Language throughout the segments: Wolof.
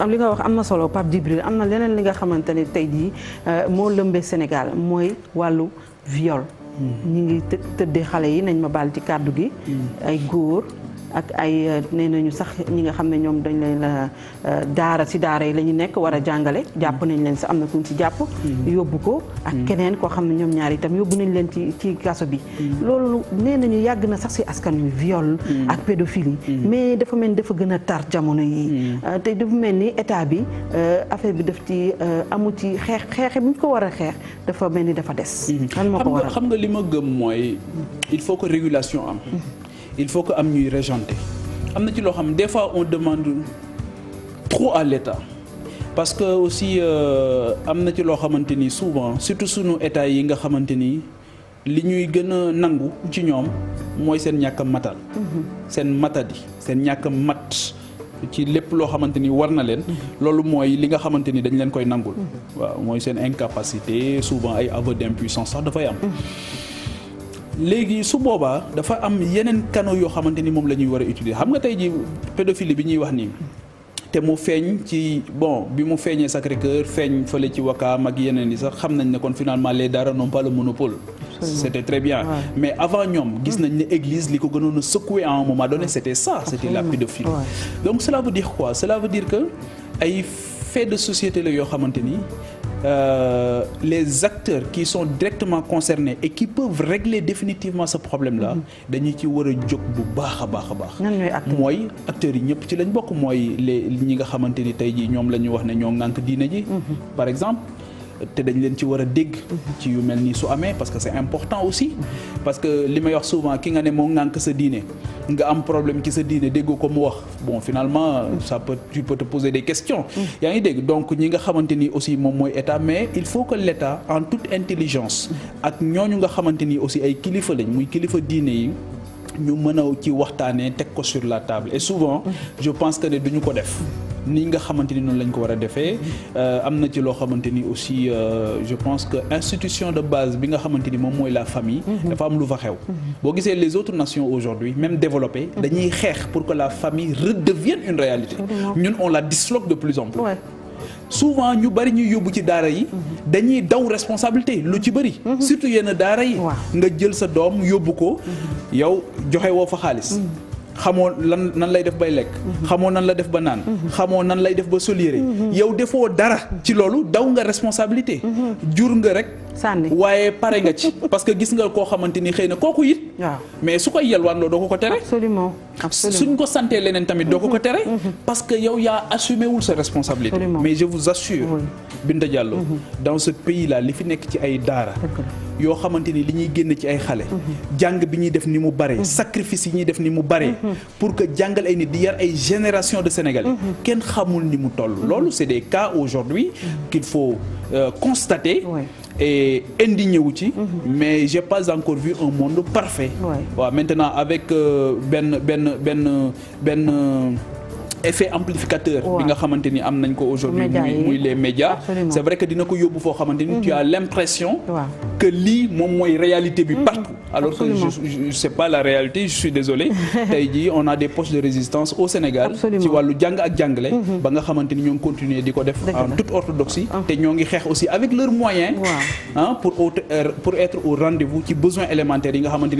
am li nga wax am na solo Pape Djibril am na leneen li nga xamante ne tey jii euh, moo lëmbee Sénégal mooy wàllu viol. Hmm. ñu ngi të xale yi nañ ma baal ci kàddu gi. Hmm. ay góor ak ay euh, nee nañu sax ñi nga xam ne ñoom dañ leen la euh, daara si daara yi la ñu nekk war a jàngale mm-hmm. jàpp nañ leen sax am na ku ñu si jàpp mm-hmm. yóbbu ko ak mm-hmm. keneen koo xam ne ñoom ñaar itam yóbbu nañ leen ci ci kaso bi loolu nee nañu yàgg na sax si askan wi viol ak pédophilie mais dafa mel ni dafa gën a tar jamono yi euh, te dafa mel ni état bi affaire bi def ci amu ci xeex xeexe bu ñu ko war a xeex dafa mel ni dafa des lan moo xam nga li ma gëm mooy il faut que régulation am il faut que am ñuy régenter am na ci loo xam des fois on demande trop à l'État parce que aussi euh, am na ci loo xamante ni souvent surtout suñu état yi nga xamante ni li ñuy gën a nangu ci ñoom mooy seen ñàkk a matal. Mm-hmm. seen matadi seen ñàkk a mat ci lépp loo xamante ni war na leen. Mm-hmm. loolu mooy li nga xamante ni dañ leen koy nangul. Mm-hmm. waaw mooy seen incapacité souvent ay aveu d'impuissance sax dafay am. léegi su boobaa dafa am yeneen canaux yoo xamante ni moom la ñuy war a utiliser xam nga tey ji pédophilie bi ñuy wax nii te mu feeñ ci bon bi mu feeñee Sacré-Cœur feeñ fële ci Wakaam ak yeneen yi sax xam nañ ne kon finalement les daara n'ont pas le monopole c'était très bien ouais. mais avant ñoom gis nañ ne église li ko gënoon a secouer à un moment donné c'était ça c'était la pédophilie ouais. donc cela veut dire quoi cela veut dire que ay fait de société la yoo xamante ni euh, les acteurs qui sont directement concernés et qui peuvent régler définitivement ce problème là mm-hmm. dañu ci war a jóg bu baax a baax a baax mooy acteurs yi ñëpp ci lañ bokk mooy le ñi nga xamante ni tey jii ñoom la ñu wax ne ñoo ŋànk diine ji mm-hmm. par exemple te dañ leen ci war a dégg ci yu mel nii su amee parce que c'est important aussi parce que li may wax souvent ki nga ne moo ŋànk sa diine nga am problème ci sa diine dégg ko mu wax bon finalement ça peut tu peux te poser des questions yaa ngi dégg donc ñi nga xamante ni aussi moom mooy état mais il faut que l'état en toute intelligence ak ñooñu nga xamante ni aussi ay kilifa lañ muy kilifa diine yi ñu mën a ci waxtaanee teg ko sur la table et souvent je pense que ne duñu ko def ni nga xamante ni noonu lañ ko war a defee euh, am na ci loo xamante ni aussi euh, je pense que institution de base bi nga xamante ni moom mooy la famille mhm. dafa am lu fa xew mhm. boo gisee les autres nations aujourd'hui même développées mhm. dañuy xeex pour que la famille redevienne une réalité ñun on la disloque de plus en plus souvent ñu bari ñuy yóbbu ci daara yi dañuy daw responsabilité lu ci bari surtout yenn daara yi nga jël sa doom yóbbu ko yow joxewoo fa xaalis xamoo lan nan lay def bay lekk xamoo nan la def ba naan xamoo nan lay def ba solire mhm. yow defoo dara ci loolu daw nga responsabilité mhm. jur nga rek sànni waaye pare nga ci parce que gis nga koo xamante ni xëy na kooku it. waaw mais su koy yelwaan loo doo ko ko tere. absolument absolument suñ ko santee leneen tamit doo ko ko tere. Mm-hmm. parce que yow yaa assumé wul sa responsabilité. mais je vous assure. Binta Diallo. Mm-hmm. dans ce pays là li fi nekk ci ay daara. yoo xamante ni li ñuy génn ci ay xale. Mm-hmm. jàng bi ñuy def ni mu bare. sacrifice yi ñuy def ni mu bare. pour que jàngal ay nit di yar ay génération de Sénégalais. kenn xamul ni mu toll. loolu c'est des cas aujourd'hui qu'il faut euh, constater. et indi ñëwu ci. Mhm. mais j'ai pas encore vu un monde parfait. waaw ouais. ouais, maintenant avec euh, benn benn benn benn. effet amplificateur bi nga xamante ni am nañ ko aujourd'hui muy muy les médias c'est vrai que dina ko yóbbu foo xamante tu as mm-hmm. l'impression que lii moom mooy réalité bi mm-hmm. partout alors que je suis désolé tey jii on a des poches de résistance au Sénégal ci wàllu jàng ak jàngale mm-hmm. ba nga xamante ni continuer di ko def en toute orthodoxie ah. te ñoo ngi xeex aussi avec leurs moyens ah pour er, pour être au rendez-vous ci besoins élémentaires yi nga xamante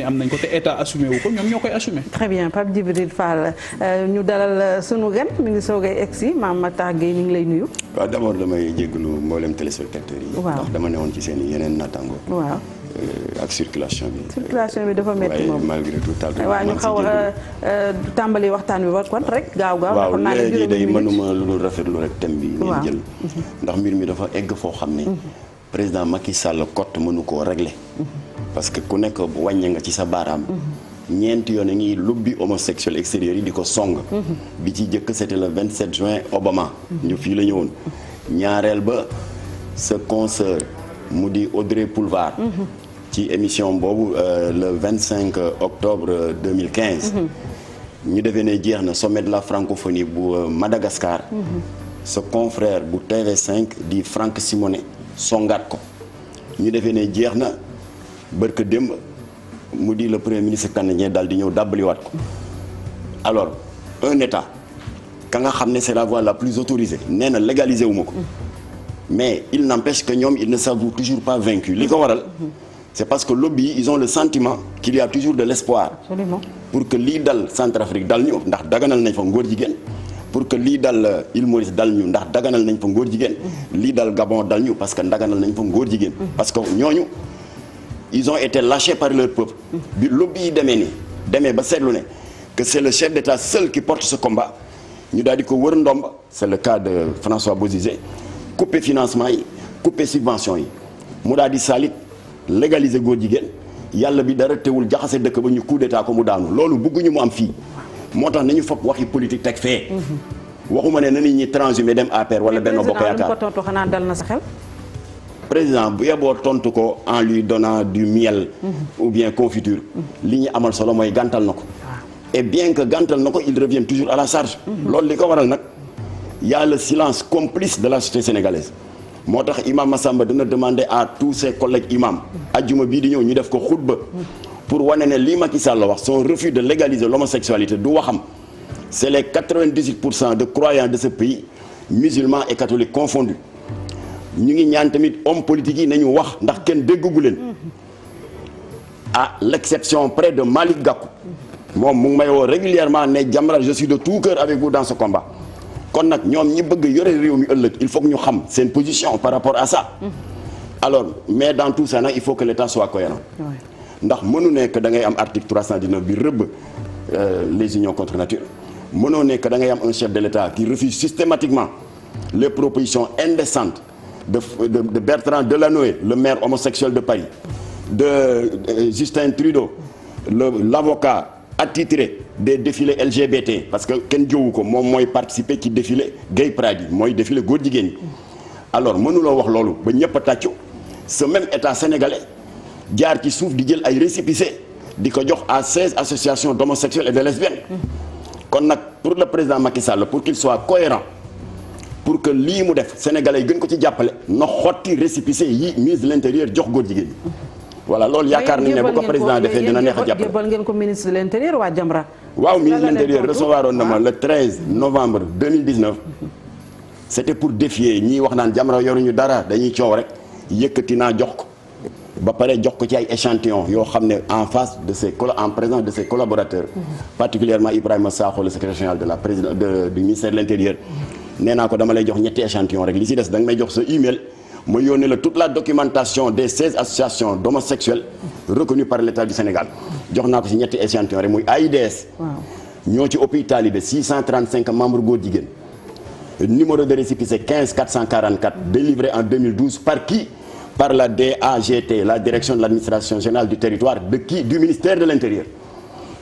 ren mi ngi soog a egg si Mame Matar Gueye mi ngi lay nuyu. waaw d'abord damay jégalu mboolem téléspectateurs yi. waaw ndax dama woon ci seen yeneen naataango. waaw euh, ak circulation bi. bi dafa métti moom waaye malgré tout. taal ñu xaw a euh, euh, tàmbali waxtaan wi war kon rek. gaaw gaaw waaw léegi day mënuma lu dul rafetlu rek thème bi. ngeen jël mhm. ndax mbir mi dafa egg foo xam ne. Mhm. président Macky Sall kott mënu koo régler. Mhm. parce que ku nekk wàññi nga ci sa baaraam. ñeenti yoon a ngi lubbi homosexuel extérieur yi di ko song. bi ci jëkk c'était le 27 juin Obama. ñu fii la ñëwoon. ñaareel ba sa consoeur mu di Audrey Pulvar. ci émission boobu euh, le 25 octobre 2015. ñu defee ne jeex na sommet de la francophonie bu euh, Madagascar. sa confrère bu TV5 di Franck Simonet songaat ko ñu defe ne jeex na bërka démb. mu di le premier ministre canadien daal di ñëw dàbbaliwaat ko alors un état ka nga xam ne c'est la voie la plus autorisée nee na légaliser wu ma ko mais il n'empêche que ñoom ils ne s'avouent toujours pas vaincus li ko waral c'est parce que lobby ils ont le sentiment qu'il y a toujours de l'espoir Absolument. pour que lii dal Centrafrique dal ñu ndax daganal nañ fa ngóor jigéen pour que li dal euh, île Maurice dal ñu ndax daganal nañ fa ngóor jigéen lii dal Gabon dal ñu parce que daganal nañ fa ngóor jigéen parce ils ont été lâchés par leur peuple bi lobby yi demee ni demee ba seetlu ne que c'est le chef d'État seul qui porte ce combat ñu daal di ko wër ndomb c'est le cas de François Bozizé couper financement yi couper subvention yi mu daal di salit légaliser góor jigéen yàlla bi dara teewul jaxase dëkk ba ñu coup taa ko mu daanu loolu bëgguñu mu am fii moo tax nañu foog waxi politique teg fee mhm. waxuma ne na nit ñi transhumé dem APR wala Benno Bokk Yaakaar dal na sa président bu yeboo tontu ko en lui donnant du miel. Mhm. ou bien confiture. Mhm. li ñu amal solo mooy gàntal na ko. Ah. et bien que gàntal na ko il revient toujours à la charge. Mhm. loolu li ko waral nag y a le silence complice de la société sénégalaise. moo tax imam Massamba dina demander à tous ses collègues imam ajjuma bii di ñëw ñu def ko xutba pour wane ne lii Macky Sall la wax son refus de légaliser l'homosexualité du waxam c'est les 98 pour cent de croyants de ñu ngi ñaan tamit homme politique yi nañu wax ndax kenn déggagu leen a l'exception près de Malick Gakou moom mu may woo régulièrement ne Jamra je suis de tout cœur avec vous dans ce combat kon nag ñoom ñi bëgg yore réew mi ëllëg il faut que ñu xam seen position par rapport à ça alors mais dans tout ça nag il faut que l'État soit cohérent ndax mënu nekk da ngay am article 319 bi rëbb euh, les unions contre nature mënoo nekk da ngay am un chef de l'État qui refuse systématiquement les propositions indécentes de de, de Bertrand Delanoë le maire homosexuel de Paris de, de euh, Justin Trudeau le l'avocat attitré des défilés LGBT parce que kenn jowu ko moom mooy participer ci défilé gay pride yi mooy défilé goo jigéen ñi alors mënuloo wax loolu ba ñëpp a tàccu ce même état sénégalais jaar ci suuf di jël ay récépissé di ko jox à 16 associations d'homosexuels et de lesbiennes kon nag pour le président Macky Sall pour qu'il soit cohérent pour que lii mu def sénégalais yi gën ko ci jàppale na xotti récépissé yi mise de l'intérieur jox góor jigéen ñi voilà loolu yaakaar nañ ne bu ko président defee dina neex a jàppale jébal ngeen ko ministre de l'intérieur waa Jamra waaw ministre de l'intérieur recevoir oon na ma ah. le novembre c'était pour défier ñii wax naan Jamra yoruñu dara dañuy coow rek yëkkati naa jox ko ba pare jox ko ci ay échantillon yoo xam ne en face de ses en présence de ses collaborateurs mm-hmm. particulièrement Ibrahima a le secrétaire général de la présidence du ministère nee naa ko dama lay jox ñetti échantillon rek li ci des da nga may jox sa email ma yónnee la toute la documentation des 16 associations d'homosexuels reconnues par l'État du Sénégal jox naa ko si ñetti échantillon rek muy AIDS ñoo ci ëpp taalibe 635 membres góor jigéen numéro de récépissé 15 444 délivré en 2012 par qui par la DAGT la direction de l'administration générale du territoire de qui du ministère de l'Intérieur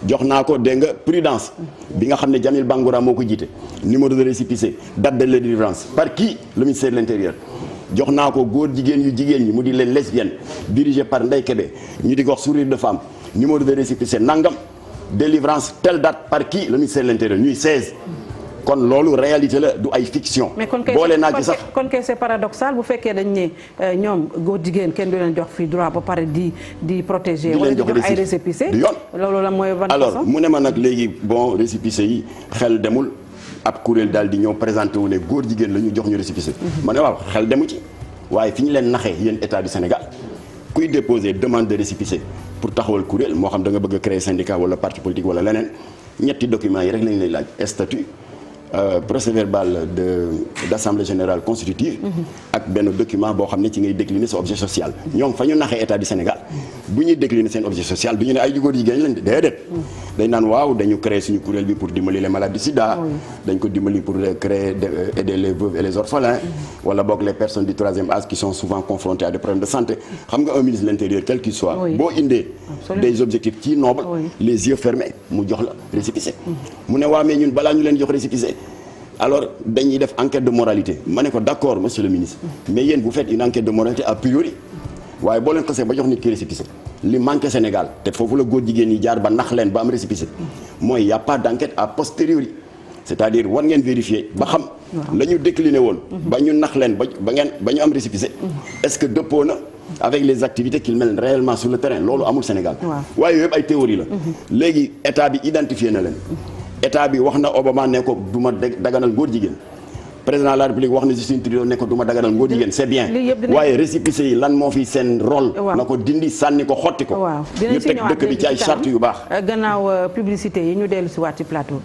jox naa ko dégg nga prudence bi nga xam ne Jamil Bangoura moo ko jiite numéro de récépissé date de la délivrance par qui le ministère de l'intérieur jox naa ko góor jigéen yu jigéen ñi mu di leen lesbienne dirigé par Ndeye Kébé ñu di ko wax sourire de femme numéro de récépissé nangam délivrance telle date par qui le ministère de l'intérieur ñuy 16. kon loolu réalité la du ay fiction. boole naa sax kon kay c'est paradoxal bu fekkee dañ ne euh, ñoom góor jigéen kenn du leen jox fii droit ba pare di di protéger. wala jox ay récépissé du yoon loolu la mooy ban alors mu ne ma nag léegi bon récépissé yi xel demul ab kuréel daal di ñëw présenté wu ne góor jigéen la ñu jox ñu récépissé. Mhm. ma ne waaw xel demu ci waaye fi ñu leen naxee yéen état du Sénégal. kuy déposer demande de récépissé pour taxawal kuréel moo xam da nga bëgg a créer syndicat wala parti politique wala leneen ñetti documents yi rek lañ lay laaj statut Euh, procès verbal de d'assemblée générale constitutive. Mm-hmm. ak benn document boo xam ne ci ngay décliner sa objet social. ñoom fa ñu naxee état du Sénégal bu ñuy décliner seen objet social du ñu ne ay jugóor jigéen lañ déedéet. Mm-hmm. dañ naan waaw dañu créer suñu kuréel bi pour dimbali les malades du sida. dañ ko dimbali pour euh, créer euh, aider les veuves et les orphelins. Mm-hmm. wala boog les personnes du troisième âge qui sont souvent confrontées à des problèmes de santé. xam nga un ministre de l'intérieur quel qu'il soit. boo indee des objectifs ci noble les yeux fermés mu jox la récépissé. mu ne waa mais ñun balaa ñu leen jox récépissé. alors dañuy def enquête de moralité ma ne ko d'accord monsieur le ministre mais yéen vous faites une enquête de moralité a priori waaye boo leen xasee ba jox nit ki récépissé li manqué Sénégal te foofu la góor jigéen yi jaar ba nax leen ba am récépissé mooy y a pas d'enquête à c'est-à-dire war ngeen vérifier ba xam la ñu décliné woon ba ñu nax leen ba ba ngeen ba ñu am récépissé mm-hmm. est-ce que dëppoo na avec les activités qu'il mène réellement su le terrain loolu amul Sénégal waaye yooyu la mm-hmm. léegi état bi identifié na leen mm-hmm. état bi wax na Obama ne ko du ma daganal góor jigéen président de la république wax na Justin Trudeau ne ko du ma daganal ngóor jigéen c'est bien waaye récépissé yi lan moo fi seen rôle na ko dindi sànni ko xotti ko ñu teg dëkk bi ci ay charte yu baax gannaaw euh, publicité yi ñu dellu si waat ci plateau